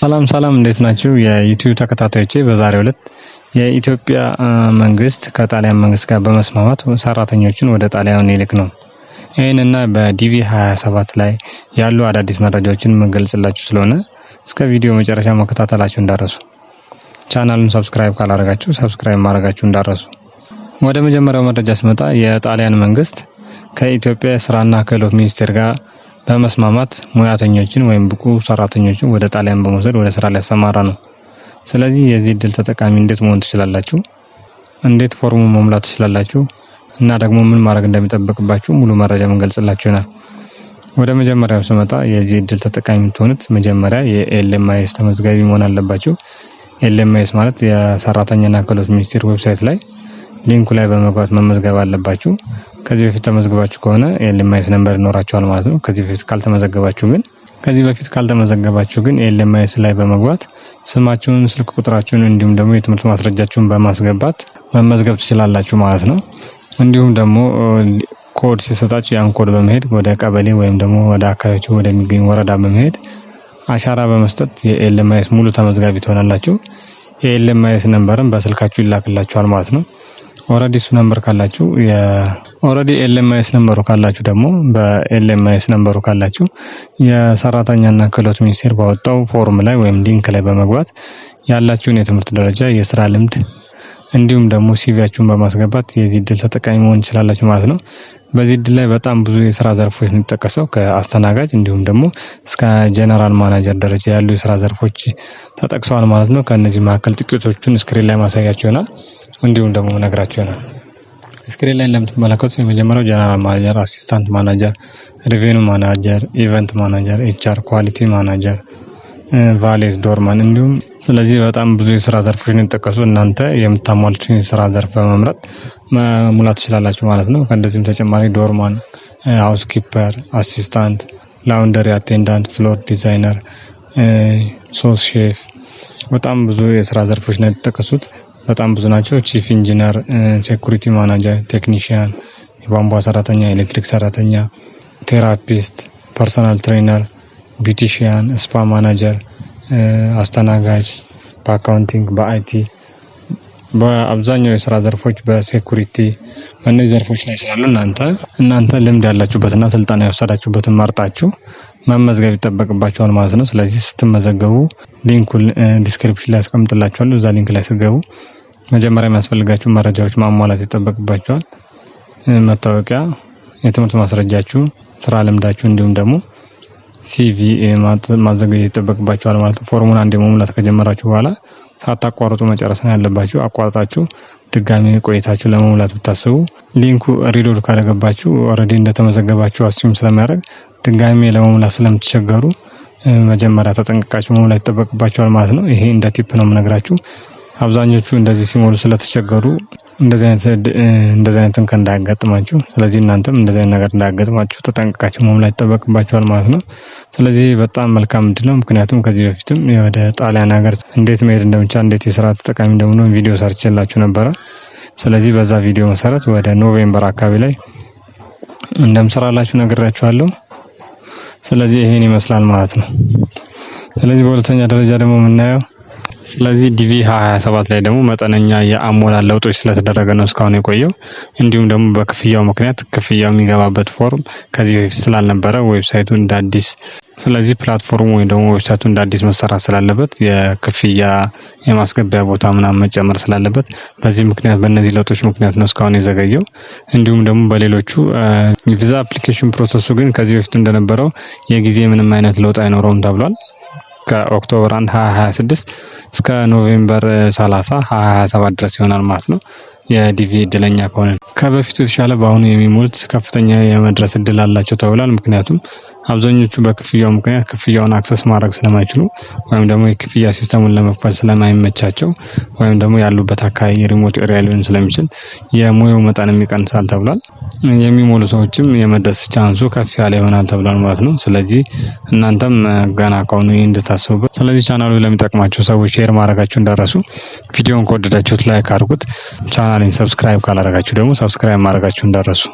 ሰላም ሰላም እንዴት ናችሁ የዩቲዩብ ተከታታዮቼ? በዛሬው ዕለት የኢትዮጵያ መንግስት ከጣሊያን መንግስት ጋር በመስማማት ሰራተኞችን ወደ ጣሊያን ይልክ ነው። ይህንና በዲቪ 27 ላይ ያሉ አዳዲስ መረጃዎችን መገልጽላችሁ ስለሆነ እስከ ቪዲዮ መጨረሻ መከታተላችሁ እንዳረሱ፣ ቻናሉን ሰብስክራይብ ካላረጋችሁ ሰብስክራይብ ማድረጋችሁ እንዳረሱ። ወደ መጀመሪያው መረጃ ስመጣ የጣሊያን መንግስት ከኢትዮጵያ የስራና ክህሎት ሚኒስቴር ጋር በመስማማት ሙያተኞችን ወይም ብቁ ሰራተኞችን ወደ ጣሊያን በመውሰድ ወደ ስራ ሊያሰማራ ነው። ስለዚህ የዚህ እድል ተጠቃሚ እንዴት መሆን ትችላላችሁ? እንዴት ፎርሙ መሙላት ትችላላችሁ? እና ደግሞ ምን ማድረግ እንደሚጠበቅባችሁ ሙሉ መረጃ መንገልጽላችሁ ይሆናል። ወደ መጀመሪያው ስመጣ የዚህ እድል ተጠቃሚ የምትሆኑት መጀመሪያ የኤልኤምአይኤስ ተመዝጋቢ መሆን አለባችሁ። ኤልኤምአይኤስ ማለት የሰራተኛና ክህሎት ሚኒስቴር ዌብሳይት ላይ ሊንኩ ላይ በመግባት መመዝገብ አለባችሁ። ከዚህ በፊት ተመዝግባችሁ ከሆነ የኤልኤምአይስ ነምበር ይኖራችኋል ማለት ነው። ከዚህ በፊት ካልተመዘገባችሁ ግን ከዚህ በፊት ካልተመዘገባችሁ ግን ኤልኤምኤስ ላይ በመግባት ስማችሁን፣ ስልክ ቁጥራችሁን እንዲሁም ደግሞ የትምህርት ማስረጃችሁን በማስገባት መመዝገብ ትችላላችሁ ማለት ነው። እንዲሁም ደግሞ ኮድ ሲሰጣችሁ ያን ኮድ በመሄድ ወደ ቀበሌ ወይም ደግሞ ወደ አካባቢያችሁ ወደሚገኝ ወረዳ በመሄድ አሻራ በመስጠት የኤልኤምአይስ ሙሉ ተመዝጋቢ ትሆናላችሁ። የኤልኤምአይስ ነንበርም በስልካችሁ ይላክላችኋል ማለት ነው። ኦረዲ እሱ ነንበር ካላችሁ ኦረዲ ኤልኤምኤስ ነንበሩ ካላችሁ ደግሞ በኤልኤምኤስ ነንበሩ ካላችሁ የሰራተኛና ክህሎት ሚኒስቴር ባወጣው ፎርም ላይ ወይም ሊንክ ላይ በመግባት ያላችሁን የትምህርት ደረጃ፣ የስራ ልምድ እንዲሁም ደግሞ ሲቪያችሁን በማስገባት የዚህ እድል ተጠቃሚ መሆን ትችላላችሁ ማለት ነው። በዚህ እድል ላይ በጣም ብዙ የስራ ዘርፎች የሚጠቀሰው ከአስተናጋጅ እንዲሁም ደግሞ እስከ ጀነራል ማናጀር ደረጃ ያሉ የስራ ዘርፎች ተጠቅሰዋል ማለት ነው። ከእነዚህ መካከል ጥቂቶቹን ስክሪን ላይ ማሳያችሁ ይሆናል እንዲሁም ደግሞ ምነግራችሁ ይሆናል። ስክሪን ላይ እንደምትመለከቱት የመጀመሪያው ጀነራል ማናጀር፣ አሲስታንት ማናጀር፣ ሪቬኑ ማናጀር፣ ኢቨንት ማናጀር፣ ኤች አር፣ ኳሊቲ ማናጀር ቫሌስ ዶርማን እንዲሁም ስለዚህ በጣም ብዙ የስራ ዘርፎች ነው የተጠቀሱ እናንተ የምታሟሉትን የስራ ዘርፍ በመምረጥ መሙላት ትችላላችሁ ማለት ነው። ከእንደዚህም ተጨማሪ ዶርማን፣ ሀውስ ኪፐር፣ አሲስታንት፣ ላውንደሪ አቴንዳንት፣ ፍሎር ዲዛይነር፣ ሶስ ሼፍ በጣም ብዙ የስራ ዘርፎች ነው የተጠቀሱት። በጣም ብዙ ናቸው። ቺፍ ኢንጂነር፣ ሴኩሪቲ ማናጀር፣ ቴክኒሽያን የቧንቧ ሰራተኛ፣ ኤሌክትሪክ ሰራተኛ፣ ቴራፒስት፣ ፐርሰናል ትሬነር ቢቲሺያን፣ ስፓ ማናጀር፣ አስተናጋጅ፣ በአካውንቲንግ፣ በአይቲ በአብዛኛው የስራ ዘርፎች በሴኩሪቲ በእነዚህ ዘርፎች ላይ ስላሉ እናንተ እናንተ ልምድ ያላችሁበትና ስልጠና የወሰዳችሁበትን መርጣችሁ መመዝገብ ይጠበቅባቸዋል ማለት ነው። ስለዚህ ስትመዘገቡ ሊንኩ ዲስክሪፕሽን ላይ ያስቀምጥላችኋል። እዛ ሊንክ ላይ ስገቡ መጀመሪያ የሚያስፈልጋችሁ መረጃዎች ማሟላት ይጠበቅባቸዋል። መታወቂያ፣ የትምህርት ማስረጃችሁ፣ ስራ ልምዳችሁ እንዲሁም ደግሞ ሲቪ ማዘጋጀት ይጠበቅባቸዋል ማለት ነው። ፎርሙን አንዴ መሙላት ከጀመራችሁ በኋላ ሳታቋርጡ መጨረስ ነው ያለባችሁ። አቋርጣችሁ ድጋሚ ቆይታችሁ ለመሙላት ብታስቡ ሊንኩ ሪሎድ ካደረገባችሁ ኦልሬዲ እንደተመዘገባችሁ አስዩም ስለሚያደርግ ድጋሚ ለመሙላት ስለምትቸገሩ መጀመሪያ ተጠንቅቃችሁ መሙላት ይጠበቅባቸዋል ማለት ነው። ይሄ እንደ ቲፕ ነው የምነግራችሁ። አብዛኞቹ እንደዚህ ሲሞሉ ስለተቸገሩ እንደዚህ አይነት እንደዚህ አይነት እንዳያጋጥማችሁ ስለዚህ እናንተም እንደዚህ አይነት ነገር እንዳያጋጥማችሁ ተጠንቅቃችሁ መምላት ይጠበቅባችኋል ማለት ነው። ስለዚህ በጣም መልካም እድል ነው። ምክንያቱም ከዚህ በፊትም ወደ ጣሊያን ሀገር እንዴት መሄድ እንደምቻል እንዴት የስራ ተጠቃሚ እንደሆነ ቪዲዮ ሰርችላችሁ ነበረ። ስለዚህ በዛ ቪዲዮ መሰረት ወደ ኖቬምበር አካባቢ ላይ እንደምሰራላችሁ ነግሬያችኋለሁ። ስለዚህ ይሄን ይመስላል ማለት ነው። ስለዚህ በሁለተኛ ደረጃ ደግሞ የምናየው ስለዚህ ዲቪ 27 ላይ ደግሞ መጠነኛ የአሞላል ለውጦች ስለተደረገ ነው እስካሁን የቆየው። እንዲሁም ደግሞ በክፍያው ምክንያት ክፍያው የሚገባበት ፎርም ከዚህ በፊት ስላልነበረ ዌብሳይቱ እንደ አዲስ ስለዚህ ፕላትፎርሙ ወይም ደግሞ ዌብሳይቱ እንደ አዲስ መሰራት ስላለበት የክፍያ የማስገቢያ ቦታ ምናምን መጨመር ስላለበት በዚህ ምክንያት በእነዚህ ለውጦች ምክንያት ነው እስካሁን የዘገየው። እንዲሁም ደግሞ በሌሎቹ ቪዛ አፕሊኬሽን ፕሮሰሱ ግን ከዚህ በፊት እንደነበረው የጊዜ ምንም አይነት ለውጥ አይኖረውም ተብሏል። ከኦክቶበር 1 2026 እስከ ኖቬምበር 30 2027 ድረስ ይሆናል ማለት ነው። የዲቪ እድለኛ ከሆነ ከበፊቱ የተሻለ በአሁኑ የሚሞሉት ከፍተኛ የመድረስ እድል አላቸው ተብሏል። ምክንያቱም አብዛኞቹ በክፍያው ምክንያት ክፍያውን አክሰስ ማድረግ ስለማይችሉ ወይም ደግሞ የክፍያ ሲስተሙን ለመክፈል ስለማይመቻቸው ወይም ደግሞ ያሉበት አካባቢ ሪሞት ኤሪያ ሊሆን ስለሚችል የሙያው መጠን ይቀንሳል ተብሏል። የሚሞሉ ሰዎችም የመድረስ ቻንሱ ከፍ ያለ ይሆናል ተብሏል ማለት ነው። ስለዚህ እናንተም ገና ከሆኑ ይህ እንድታስቡበት። ስለዚህ ቻናሉ ለሚጠቅማቸው ሰዎች ሼር ማድረጋችሁ እንዳረሱ። ቪዲዮን ከወደዳችሁት ላይክ አድርጉት። ቻናሌን ሰብስክራይብ ካላረጋችሁ ደግሞ ሰብስክራይብ ማድረጋችሁ እንዳረሱ።